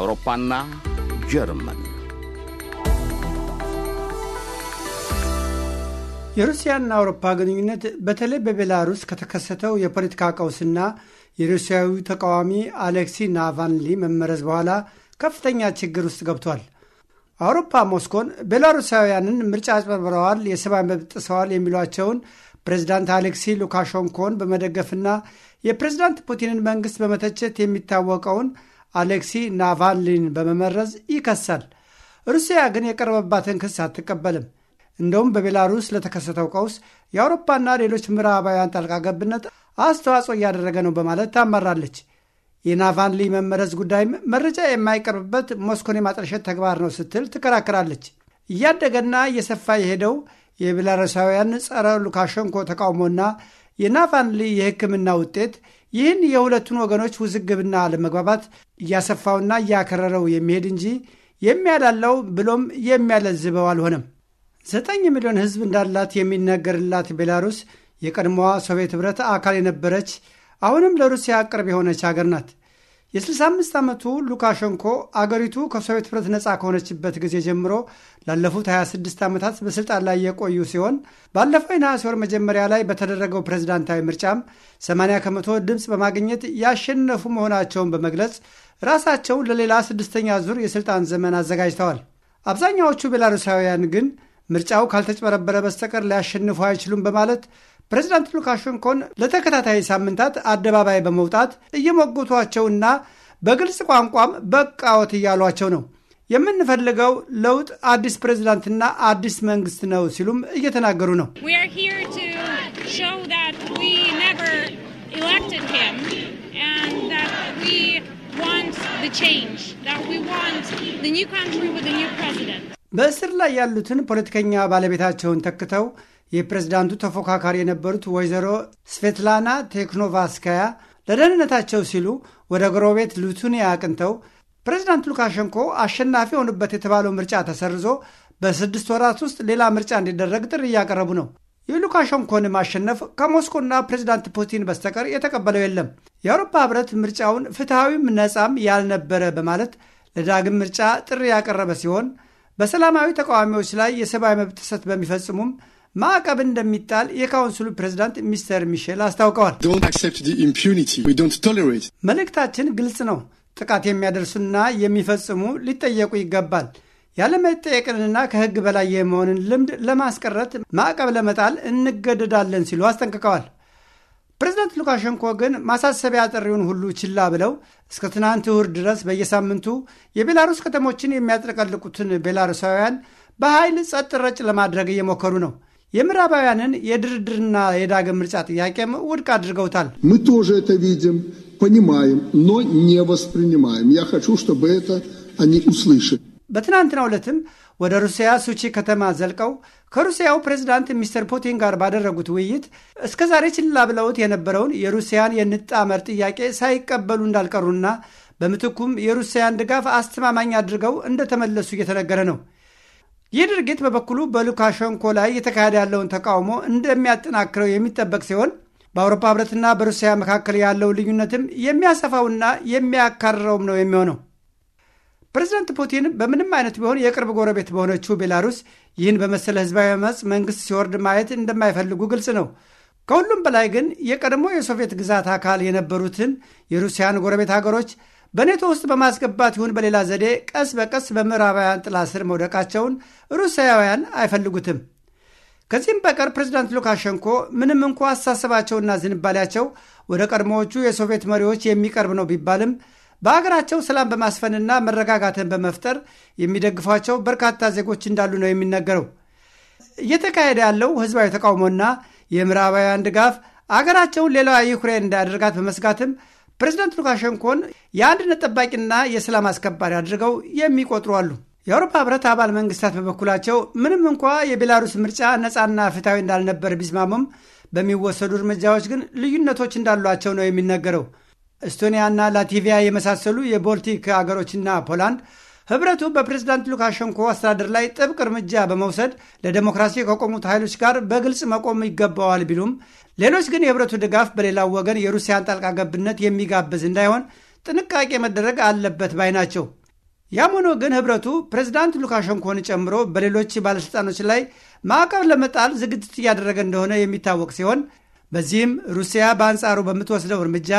አውሮፓና ጀርመን የሩሲያና አውሮፓ ግንኙነት በተለይ በቤላሩስ ከተከሰተው የፖለቲካ ቀውስና የሩሲያዊ ተቃዋሚ አሌክሲ ናቫልኒ መመረዝ በኋላ ከፍተኛ ችግር ውስጥ ገብቷል። አውሮፓ ሞስኮን ቤላሩሳውያንን ምርጫ አጭበርብረዋል፣ የሰብአዊ መብት ጥሰዋል የሚሏቸውን ፕሬዚዳንት አሌክሲ ሉካሸንኮን በመደገፍና የፕሬዚዳንት ፑቲንን መንግሥት በመተቸት የሚታወቀውን አሌክሲ ናቫልኒን በመመረዝ ይከሳል። ሩሲያ ግን የቀረበባትን ክስ አትቀበልም። እንደውም በቤላሩስ ለተከሰተው ቀውስ የአውሮፓና ሌሎች ምዕራባውያን ጣልቃ ገብነት አስተዋጽኦ እያደረገ ነው በማለት ታመራለች። የናቫልኒ መመረዝ ጉዳይም መረጃ የማይቀርብበት ሞስኮን የማጠልሸት ተግባር ነው ስትል ትከራከራለች። እያደገና እየሰፋ የሄደው የቤላሩሳውያን ጸረ ሉካሸንኮ ተቃውሞና የናቫልኒ የሕክምና ውጤት ይህን የሁለቱን ወገኖች ውዝግብና አለመግባባት እያሰፋውና እያከረረው የሚሄድ እንጂ የሚያዳለው ብሎም የሚያለዝበው አልሆነም። ዘጠኝ ሚሊዮን ሕዝብ እንዳላት የሚነገርላት ቤላሩስ የቀድሞዋ ሶቪየት ኅብረት አካል የነበረች አሁንም ለሩሲያ ቅርብ የሆነች አገር ናት። የ65 ዓመቱ ሉካሸንኮ አገሪቱ ከሶቪየት ኅብረት ነፃ ከሆነችበት ጊዜ ጀምሮ ላለፉት 26 ዓመታት በሥልጣን ላይ የቆዩ ሲሆን ባለፈው የነሐሴ ወር መጀመሪያ ላይ በተደረገው ፕሬዝዳንታዊ ምርጫም 80 ከመቶ ድምፅ በማግኘት ያሸነፉ መሆናቸውን በመግለጽ ራሳቸውን ለሌላ ስድስተኛ ዙር የሥልጣን ዘመን አዘጋጅተዋል። አብዛኛዎቹ ቤላሩሳውያን ግን ምርጫው ካልተጭበረበረ በስተቀር ሊያሸንፉ አይችሉም በማለት ፕሬዚዳንት ሉካሸንኮን ለተከታታይ ሳምንታት አደባባይ በመውጣት እየሞገቷቸውና በግልጽ ቋንቋም በቃወት እያሏቸው ነው። የምንፈልገው ለውጥ አዲስ ፕሬዚዳንትና አዲስ መንግስት ነው ሲሉም እየተናገሩ ነው። በእስር ላይ ያሉትን ፖለቲከኛ ባለቤታቸውን ተክተው የፕሬዝዳንቱ ተፎካካሪ የነበሩት ወይዘሮ ስቬትላና ቴክኖቫስካያ ለደህንነታቸው ሲሉ ወደ ጎረቤት ሊቱኒያ አቅንተው ፕሬዝዳንት ሉካሸንኮ አሸናፊ የሆኑበት የተባለው ምርጫ ተሰርዞ በስድስት ወራት ውስጥ ሌላ ምርጫ እንዲደረግ ጥሪ እያቀረቡ ነው። የሉካሸንኮን ማሸነፍ ከሞስኮና ፕሬዝዳንት ፑቲን በስተቀር የተቀበለው የለም። የአውሮፓ ህብረት ምርጫውን ፍትሐዊም ነፃም ያልነበረ በማለት ለዳግም ምርጫ ጥሪ ያቀረበ ሲሆን በሰላማዊ ተቃዋሚዎች ላይ የሰብአዊ መብት ጥሰት በሚፈጽሙም ማዕቀብ እንደሚጣል የካውንስሉ ፕሬዚዳንት ሚስተር ሚሼል አስታውቀዋል። መልእክታችን ግልጽ ነው። ጥቃት የሚያደርሱና የሚፈጽሙ ሊጠየቁ ይገባል። ያለመጠየቅንና ከሕግ በላይ የመሆንን ልምድ ለማስቀረት ማዕቀብ ለመጣል እንገደዳለን ሲሉ አስጠንቅቀዋል። ፕሬዚዳንት ሉካሸንኮ ግን ማሳሰቢያ ጥሪውን ሁሉ ችላ ብለው እስከ ትናንት እሁድ ድረስ በየሳምንቱ የቤላሩስ ከተሞችን የሚያጥለቀልቁትን ቤላሩሳውያን በኃይል ጸጥ ረጭ ለማድረግ እየሞከሩ ነው። የምዕራባውያንን የድርድርና የዳግም ምርጫ ጥያቄም ውድቅ አድርገውታል። мы тоже በትናንትናው ዕለትም ወደ ሩሲያ ሱቺ ከተማ ዘልቀው ከሩሲያው ፕሬዚዳንት ሚስተር ፑቲን ጋር ባደረጉት ውይይት እስከ ዛሬ ችላ ብለውት የነበረውን የሩሲያን የንጣመር ጥያቄ ሳይቀበሉ እንዳልቀሩና በምትኩም የሩሲያን ድጋፍ አስተማማኝ አድርገው እንደተመለሱ እየተነገረ ነው። ይህ ድርጊት በበኩሉ በሉካሸንኮ ላይ የተካሄደ ያለውን ተቃውሞ እንደሚያጠናክረው የሚጠበቅ ሲሆን በአውሮፓ ህብረትና በሩሲያ መካከል ያለው ልዩነትም የሚያሰፋውና የሚያካርረውም ነው የሚሆነው። ፕሬዚደንት ፑቲን በምንም አይነት ቢሆን የቅርብ ጎረቤት በሆነችው ቤላሩስ ይህን በመሰለ ህዝባዊ መጽ መንግስት ሲወርድ ማየት እንደማይፈልጉ ግልጽ ነው። ከሁሉም በላይ ግን የቀድሞ የሶቪየት ግዛት አካል የነበሩትን የሩሲያን ጎረቤት ሀገሮች በኔቶ ውስጥ በማስገባት ይሁን በሌላ ዘዴ ቀስ በቀስ በምዕራባውያን ጥላ ስር መውደቃቸውን ሩሲያውያን አይፈልጉትም። ከዚህም በቀር ፕሬዚዳንት ሉካሸንኮ ምንም እንኳ አሳሰባቸውና ዝንባሌያቸው ወደ ቀድሞዎቹ የሶቪየት መሪዎች የሚቀርብ ነው ቢባልም በሀገራቸው ሰላም በማስፈንና መረጋጋትን በመፍጠር የሚደግፏቸው በርካታ ዜጎች እንዳሉ ነው የሚነገረው። እየተካሄደ ያለው ህዝባዊ ተቃውሞና የምዕራባውያን ድጋፍ አገራቸውን ሌላዋ ዩክሬን እንዳያደርጋት በመስጋትም ፕሬዚዳንት ሉካሸንኮን የአንድነት ጠባቂና የሰላም አስከባሪ አድርገው የሚቆጥሩ አሉ። የአውሮፓ ህብረት አባል መንግስታት በበኩላቸው ምንም እንኳ የቤላሩስ ምርጫ ነፃና ፍትሐዊ እንዳልነበር ቢስማሙም በሚወሰዱ እርምጃዎች ግን ልዩነቶች እንዳሏቸው ነው የሚነገረው። ኤስቶኒያና ላቲቪያ የመሳሰሉ የቦልቲክ አገሮችና ፖላንድ ህብረቱ በፕሬዝዳንት ሉካሸንኮ አስተዳደር ላይ ጥብቅ እርምጃ በመውሰድ ለዴሞክራሲ ከቆሙት ኃይሎች ጋር በግልጽ መቆም ይገባዋል ቢሉም ሌሎች ግን የህብረቱ ድጋፍ በሌላው ወገን የሩሲያን ጣልቃ ገብነት የሚጋብዝ እንዳይሆን ጥንቃቄ መደረግ አለበት ባይ ናቸው። ያም ሆኖ ግን ህብረቱ ፕሬዝዳንት ሉካሸንኮን ጨምሮ በሌሎች ባለሥልጣኖች ላይ ማዕቀብ ለመጣል ዝግጅት እያደረገ እንደሆነ የሚታወቅ ሲሆን በዚህም ሩሲያ በአንጻሩ በምትወስደው እርምጃ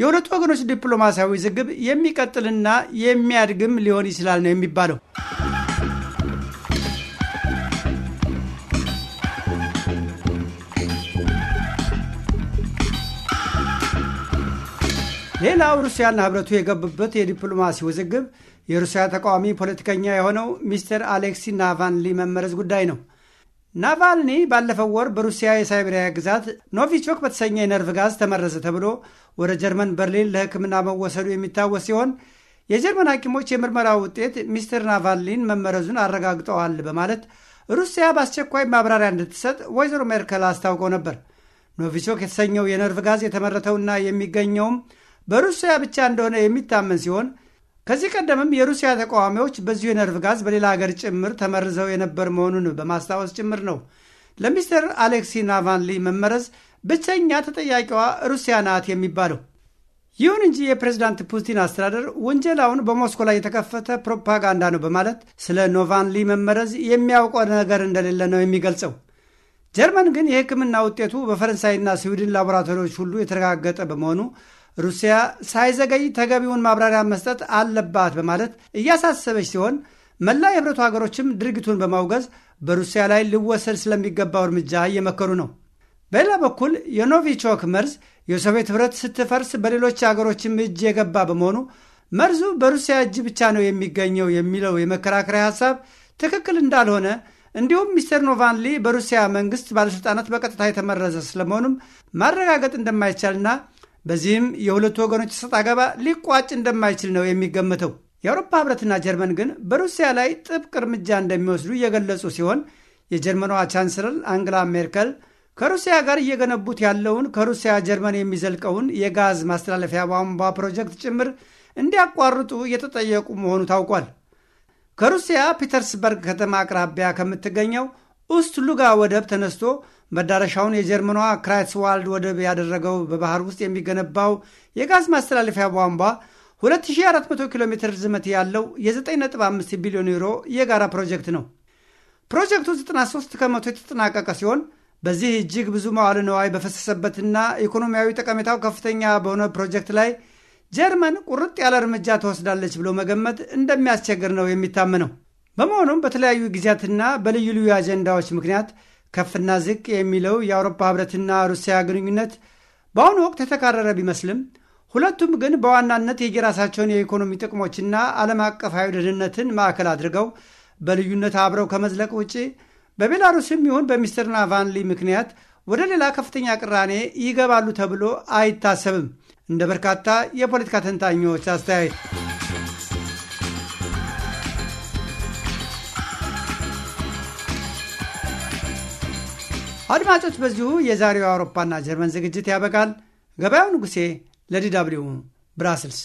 የሁለቱ ወገኖች ዲፕሎማሲያዊ ውዝግብ የሚቀጥልና የሚያድግም ሊሆን ይችላል ነው የሚባለው። ሌላው ሩሲያና ህብረቱ የገቡበት የዲፕሎማሲ ውዝግብ የሩሲያ ተቃዋሚ ፖለቲከኛ የሆነው ሚስተር አሌክሲ ናቫልኒ መመረዝ ጉዳይ ነው። ናቫልኒ ባለፈው ወር በሩሲያ የሳይቤሪያ ግዛት ኖቪቾክ በተሰኘ የነርቭ ጋዝ ተመረዘ ተብሎ ወደ ጀርመን በርሊን ለሕክምና መወሰዱ የሚታወስ ሲሆን የጀርመን ሐኪሞች የምርመራ ውጤት ሚስተር ናቫልኒን መመረዙን አረጋግጠዋል በማለት ሩሲያ በአስቸኳይ ማብራሪያ እንድትሰጥ ወይዘሮ ሜርከል አስታውቀው ነበር። ኖቪቾክ የተሰኘው የነርቭ ጋዝ የተመረተውና የሚገኘውም በሩሲያ ብቻ እንደሆነ የሚታመን ሲሆን ከዚህ ቀደምም የሩሲያ ተቃዋሚዎች በዚሁ የነርቭ ጋዝ በሌላ ሀገር ጭምር ተመርዘው የነበር መሆኑን በማስታወስ ጭምር ነው። ለሚስተር አሌክሲ ናቫልኒ መመረዝ ብቸኛ ተጠያቂዋ ሩሲያ ናት የሚባለው። ይሁን እንጂ የፕሬዝዳንት ፑቲን አስተዳደር ወንጀላውን በሞስኮ ላይ የተከፈተ ፕሮፓጋንዳ ነው በማለት ስለ ኖቫልኒ መመረዝ የሚያውቀው ነገር እንደሌለ ነው የሚገልጸው። ጀርመን ግን የሕክምና ውጤቱ በፈረንሳይና ስዊድን ላቦራቶሪዎች ሁሉ የተረጋገጠ በመሆኑ ሩሲያ ሳይዘገይ ተገቢውን ማብራሪያ መስጠት አለባት በማለት እያሳሰበች ሲሆን መላ የህብረቱ ሀገሮችም ድርጊቱን በማውገዝ በሩሲያ ላይ ሊወሰድ ስለሚገባው እርምጃ እየመከሩ ነው። በሌላ በኩል የኖቪቾክ መርዝ የሶቪየት ህብረት ስትፈርስ በሌሎች ሀገሮችም እጅ የገባ በመሆኑ መርዙ በሩሲያ እጅ ብቻ ነው የሚገኘው የሚለው የመከራከሪያ ሀሳብ ትክክል እንዳልሆነ እንዲሁም ሚስተር ኖቫንሊ በሩሲያ መንግስት ባለሥልጣናት በቀጥታ የተመረዘ ስለመሆኑም ማረጋገጥ እንደማይቻልና በዚህም የሁለቱ ወገኖች ሰጥ አገባ ሊቋጭ እንደማይችል ነው የሚገመተው። የአውሮፓ ህብረትና ጀርመን ግን በሩሲያ ላይ ጥብቅ እርምጃ እንደሚወስዱ እየገለጹ ሲሆን የጀርመኗ ቻንስለር አንግላ ሜርከል ከሩሲያ ጋር እየገነቡት ያለውን ከሩሲያ ጀርመን የሚዘልቀውን የጋዝ ማስተላለፊያ ቧንቧ ፕሮጀክት ጭምር እንዲያቋርጡ እየተጠየቁ መሆኑ ታውቋል። ከሩሲያ ፒተርስበርግ ከተማ አቅራቢያ ከምትገኘው ኡስት ሉጋ ወደብ ተነስቶ መዳረሻውን የጀርመኗ ክራይስዋልድ ወደብ ያደረገው በባህር ውስጥ የሚገነባው የጋዝ ማስተላለፊያ ቧንቧ 2400 ኪሎ ሜትር ዝመት ያለው የ9.5 ቢሊዮን ዩሮ የጋራ ፕሮጀክት ነው። ፕሮጀክቱ 93 ከመቶ የተጠናቀቀ ሲሆን በዚህ እጅግ ብዙ መዋል ንዋይ በፈሰሰበትና ኢኮኖሚያዊ ጠቀሜታው ከፍተኛ በሆነ ፕሮጀክት ላይ ጀርመን ቁርጥ ያለ እርምጃ ትወስዳለች ብሎ መገመት እንደሚያስቸግር ነው የሚታመነው። በመሆኑም በተለያዩ ጊዜያትና በልዩ ልዩ አጀንዳዎች ምክንያት ከፍና ዝቅ የሚለው የአውሮፓ ህብረትና ሩሲያ ግንኙነት በአሁኑ ወቅት የተካረረ ቢመስልም ሁለቱም ግን በዋናነት የየራሳቸውን የኢኮኖሚ ጥቅሞችና ዓለም አቀፋዊ ደህንነትን ማዕከል አድርገው በልዩነት አብረው ከመዝለቅ ውጪ በቤላሩስም ይሁን በሚስተር ናቫልኒ ምክንያት ወደ ሌላ ከፍተኛ ቅራኔ ይገባሉ ተብሎ አይታሰብም እንደ በርካታ የፖለቲካ ተንታኞች አስተያየት አድማጮች፣ በዚሁ የዛሬው አውሮፓና ጀርመን ዝግጅት ያበቃል። ገበያው ንጉሴ ለዲ ደብልዩ ብራስልስ